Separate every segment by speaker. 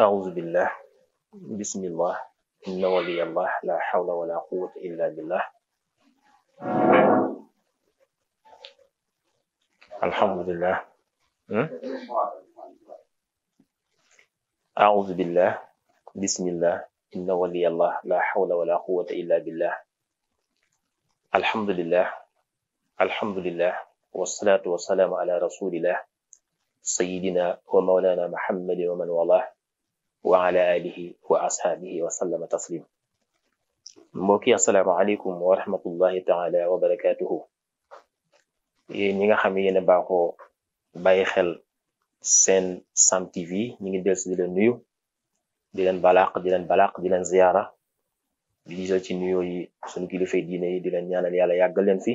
Speaker 1: أعوذ بالله بسم الله إن ولي الله لا حول ولا قوة إلا بالله الحمد لله أعوذ بالله بسم الله إن ولي الله لا حول ولا قوة إلا بالله الحمد لله الحمد لله والصلاة والسلام على رسول الله سيدنا ومولانا محمد ومن والاه wa ala alihi wa ashaabihi wa sallama taslim mbokki assalaamu aleykum wa rahmatullahi taala wa barakatuhu yéen ñi nga xam ne yéen a xel seen Sam TV ñi ngi del di leen nuyu di leen balaq di leen balaq di leen ziyaara di diisal ci nuyoo yi suñu kilifa diine di leen ñaanal yàlla yàggal leen fi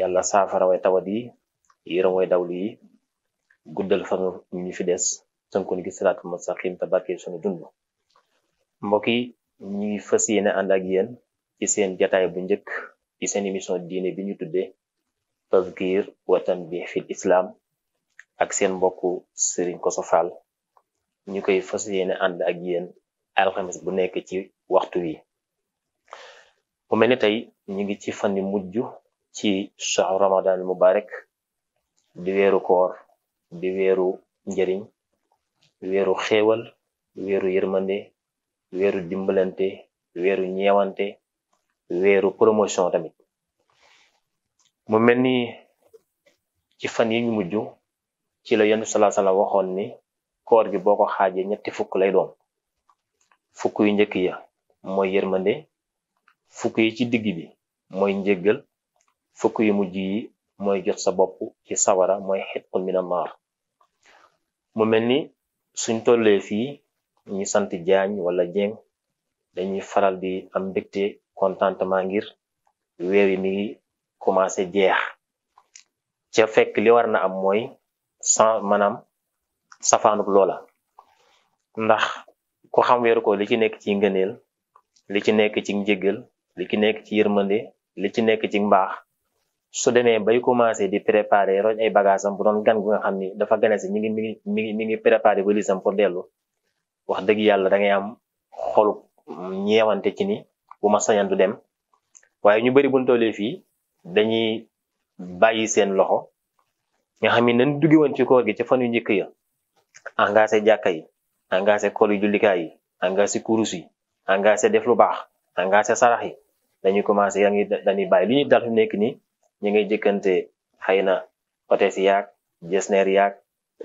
Speaker 1: yàlla saafara way tawat yi yërëm way dawli yi guddal fanu ñu fi des tënkuñu gi siraatul mustaqim te barkeel suñu dund mbokk yi ñuy fas yéene ànd ak yéen ci seen jataay bu njëkk ci seen émission diine bi ñu tuddee tazkir watan bi fil islam ak seen mbokku sëriñ Kosso Fall ñu koy fës yéene ànd ak yéen alxames bu nekk ci waxtu wi bu mel ni tey ñu ngi ci fan mujj ci shahru ramadan mubarak di weeru koor di weeru njëriñ weeru xéewal weeru yërmande weeru dimbalante weeru ñeewante weeru promotion tamit mu melni ci fan yi ñu mujj ci la yenn sala sala waxoon ni koor gi boo ko xaajee ñetti fukk lay doon fukk yu njëkk ya mooy yërmande fukk yi ci digg bi mooy njëggal fukk yu mujj yi mooy jot sa bopp ci sawara mooy mu mel suñ tollee fii ñi sant jaañ wala jeng dañuy faral di am mbégte contentement ngir weer yi mi ngi commencé jeex ca fekk li war na am mooy sans maanaam safaanub loola ndax ko xam weeru ko li ci nekk ci ngëneel li ci nekk ci njëgal li ci nekk ci yërmande li ci nekk ci mbaax su demee bay commencé di préparer roñ ay bagage am bu don gan gu nga xamni dafa gane ci ñi ngi mi ngi mi ngi mi ngi préparé pour déllu wax dëgg yalla da ngay am xol ñeewante ci ni bu ma sañandu dem waye ñu bari buñ tollee fi dañuy bayyi seen loxo nga xamni nañ dugge won ci koor gi ci fan yu ñëk ya engagé jàkka yi engagé kool yu jullikaay yi engagé kurus yi engagé def lu baax engagé sarax yi dañuy commencé yangi dañuy bayyi li ñu dal fi nekk ni ñi ngay jëkkante xëy na hôtesse yaag jesneer yaag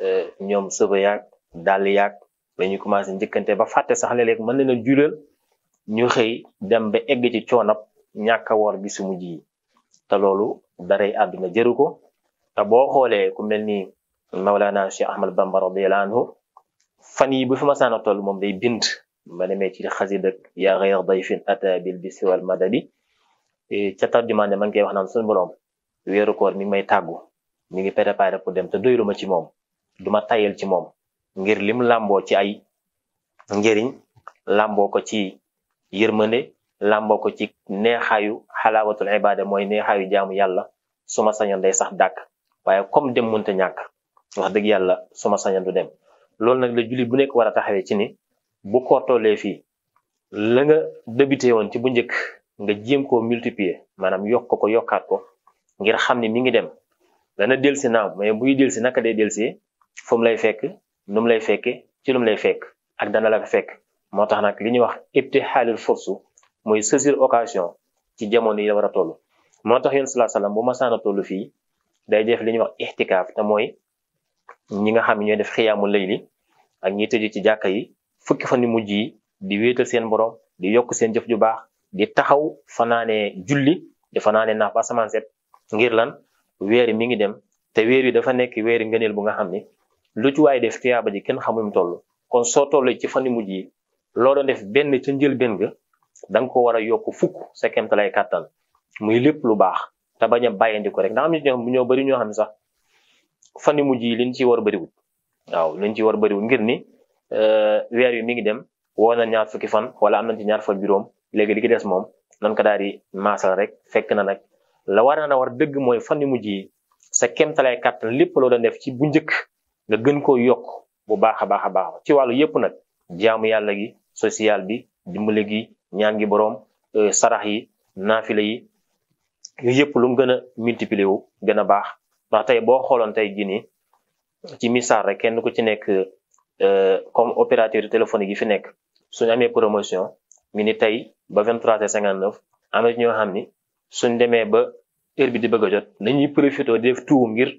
Speaker 1: eh, ñoom sëba yaag dàll yaag ba ñu commencé njëkkante ba fàtte sax léeg-léeg mën leen a ñu xëy dem ba egg ci coonab ñàkk wor woor ji su mujj te loolu daray àdduna jëru ko te boo xoolee ku mel ni Mawlana Cheikh Ahmad Bamba radiyallahu anhu fan yi bu fi ma saana tol moom bay bind ba demee ci xasida ak yaa ghayra dayfin ata bil bisri wal madadi eh, ca tarjumaan ne ma ngi koy wax naan suñu borom weeru koor mi ngi may tàggu mi ngi préparé pour dem te doylu ma ci moom du ma tayal ci moom ngir lim làmboo ci ay njëriñ làmboo ko ci yërmande làmboo ko ci neexaayu xalaawatul ibaada mooy neexaayu jaamu yàlla suma ma day sax dàkk waaye comme dem mënta ñàkk wax dëgg yàlla su ma sañoon du dem loolu nag la julli bu nekk war a taxawee ci ni bu koor tollee fii la nga débuté woon ci bu njëkk nga jéem koo multiplier maanaam yokk ko yokkaat ko ngir xamni mi ngi dem dana delsi naaw mais buy delsi naka day delsi fu mu lay fekk num lay fekke ci lu lay fekk ak dana la fekk motax nak nag wax ibtihalul fursu moy saisir occasion ci jamono yi la wara tollu motax yunus sallallahu alayhi wasallam bu day def wax ihtikaf ta moy ñi nga xamni ne def khiyamul layli ak ñi teji ci jakka yi fukki fani mujji di seen borom di yok seen jëf ju bax di taxaw fanaane julli di fanane naaf ba set ngir lan weer mi ngi dem té wér yi dafa nekk weeri ngeenel bu nga xamni lu ci way def tiyaba ji kenn xamu mu tollu kon so tollu ci fani mujj yi lo do def ben ci njëlbeen ben nga dang ko wara yok fuk sa muy lepp lu bax ta baña rek da am ñu ñoo bari ñoo xamni sax fani mujj yi liñ ci war wut waaw liñ ci war wut ngir ni euh, wér yi mi ngi dem wona ñaar fukki fan wala am na ci ñaar fa juróom légui li ki dess mom nan ka daal masal rek fekk na nak la war na war dëgg mooy fan yu mujj yi sa kéemtalaay kàttan lépp loo doon def ci bu njëkk nga gën koo yokk bu baax a baax a baax ci wàllu yépp nag jaamu yàlla gi social bi dimbale gi ñaan gi boroom euh, sarax yi naafile yi yooyu yëpp lu mu gën a multiplier wu gën a baax ndax tey boo xooloon tey jii ci misaal rek kenn ku ci nekk euh, comme yi téléphonique yi fi nekk suñu amee promotion ñu ni tey ba vingt trois cinquante neuf am na ñoo xam ni suñ demee ba heure bi di bëgg a jot nañuy profité def tout ngir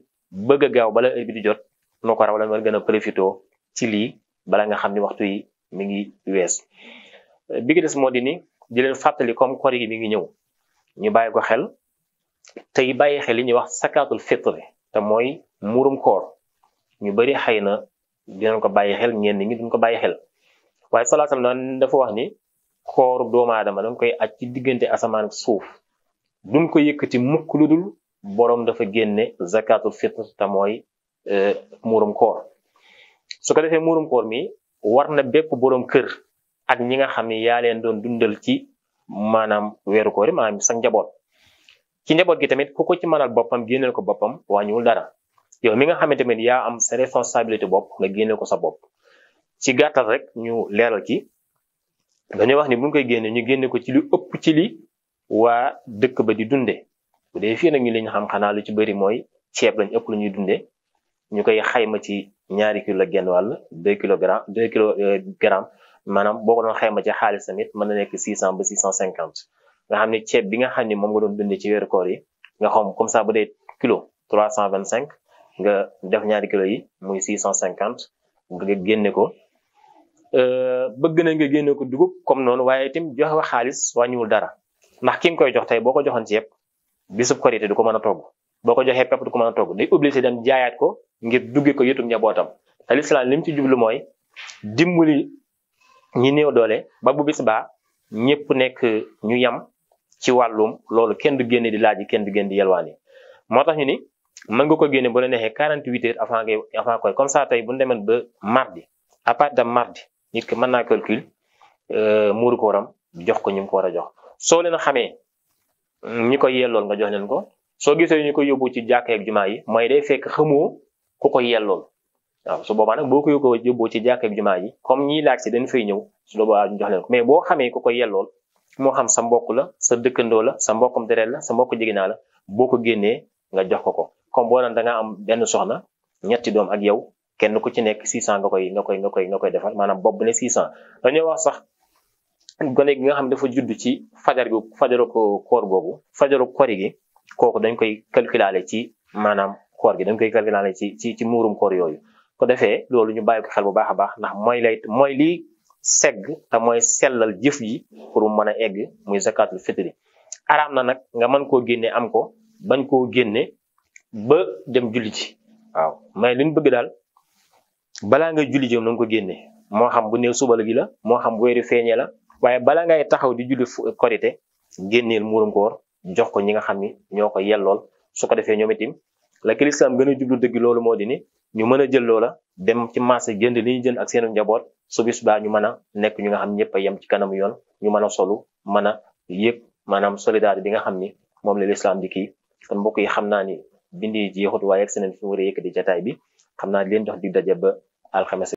Speaker 1: bëgg gaaw bala heure bi di jot noo ko raw la war gën a profité ci lii bala nga xam ni waxtu yi mi ngi wees bi gi des moo di ni di leen fàttali kom koor yi mi ngi ñëw ñu bàyyi ko xel tey bàyyi xel li ñuy wax sakaatul fitri te mooy muurum koor ñu bari xëy na dinañ ko bàyyi xel ñenn ñi duñ ko bàyyi xel waaye salaatam dafa wax ni koor doomu aadama dañ koy aj ci diggante asamaan suuf duñ ko yëkkati mukk lu dul boroom dafa génne zakatul fitr te mooy euh, muurum koor su ko defee muurum koor mi war na bépp boroom kër ak ñi nga xam ne yaa leen doon dundal ci maanaam weeru ko yi ma sa njaboot ci njaboot gi tamit ku ko ci mënal boppam génnel ko boppam wàññiwul dara yow mi nga xamante ne yaa am sa responsabilité bopp nga génneel ko sa bopp ci gàttal rek ñu leeral ci dañuy wax ni buñ koy génne ñu génne ko ci lu ëpp ci li waa dëkk ba di dunde bu dee fii nag ñu li ñu xam xanaa lu ci bëri mooy ceeb lañ ëpp lu ñuy dunde ñu koy ma ci ñaari kilo la genn wàll deux kilogramme deux kilogramme euh, maanaam boo ko doon xayma ci xaalis tamit mën na nekk six cent ba six cent cinquante nga xam ne ceeb bi nga xam ne moom nga doon dunde ci weeru koor yi nga xam comme ça bu dee kilo trois cent vingt cinq nga def ñaari kilo yi muy six cent cinquante nga génne ko euh, bëgg na nga génne ko dugub comme noonu waaye itam joxe xaalis wàññiwul dara ndax ki koy jox tey boo ko joxon joxoon ceeb bisub korité du ko mën a togg boo ko joxee pepp du ko mën a togg day obligé dem jaayaat ko ngir dugge ko yëtum njabootam te lislaam li mu ci jublu mooy dimbali ñi néew doole ba bu bis baa ñëpp nekk ñu yam ci wàllum loolu kenn du génne di laaj yi kenn du génne di yelwaan yi moo tax ñu ni mën nga ko génne bu la neexee 48 heures avant ngay avant koy comme ça tey bu ñu demee ba mardi à part de mardi nit ki mën naa calcul euh, muuru ko waram jox ko ñu mu ko war a jox. soo leen xamee mm, ñi ko yellool nga jox leen ko soo gisee ñu ko yóbbu ci jàkkee ak jumaa yi mooy day fekk xamoo ku ko yellool waaw su boobaa nag boo ko yóbboo ci jàkkee jumaa yi comme ñiy laaj si dañ fay ñëw su jox leen mais boo xamee ku ko yellool moo xam sa mbokk la sa dëkkandoo la sa mbokkam deret la sa mbokk jigéen la boo ko génnee nga jox ko ko comme boo naan danga am benn soxna ñetti doom ak yow kenn ku ci nekk 600 nga koy nga koy nga koy nga koy defal maanaam bopp bu ne 600 dañoo wax sax gone gi nga xam ne dafa judd ci fajar gu fajaru ko koor boobu fajaru kori gi kooku dañ koy calculaale ci maanaam koor gi dañ koy calculaale ci ci ci muurum koor yooyu ko defee loolu ñu bàyyi ko xel bu baax a baax ndax mooy lay mooy li segg ta mooy sellal jëf ji pour mu mën a egg muy zakatul fitri araam na nag nga man koo génne am ko bañ koo génne ba dem julli ji waaw mais li ñu bëgg daal balaa nga julli ji na ko génne moo xam bu néew suba gi la moo xam bu waye bala ngay taxaw di julli korite gennel murum koor jox ko ñi nga xamni ñoko yellol su ko defé ñoom itim la lislaam gëna jublu deug loolu modi ni ñu mëna jël loola dem ci marché gënd li ñu jënd ak seenu njaboot su bis ñu mëna nek ñu nga xam ñepp a yem ci kanam yoon ñu mëna solo mëna yépp manam solidarité bi nga xamni mom la l'islam di ki kon mbokk yi xamna ni bindi ji jeexut waaye ak seneen fi mu yëk di jotaay bi xamna leen jox di dajje ba khamis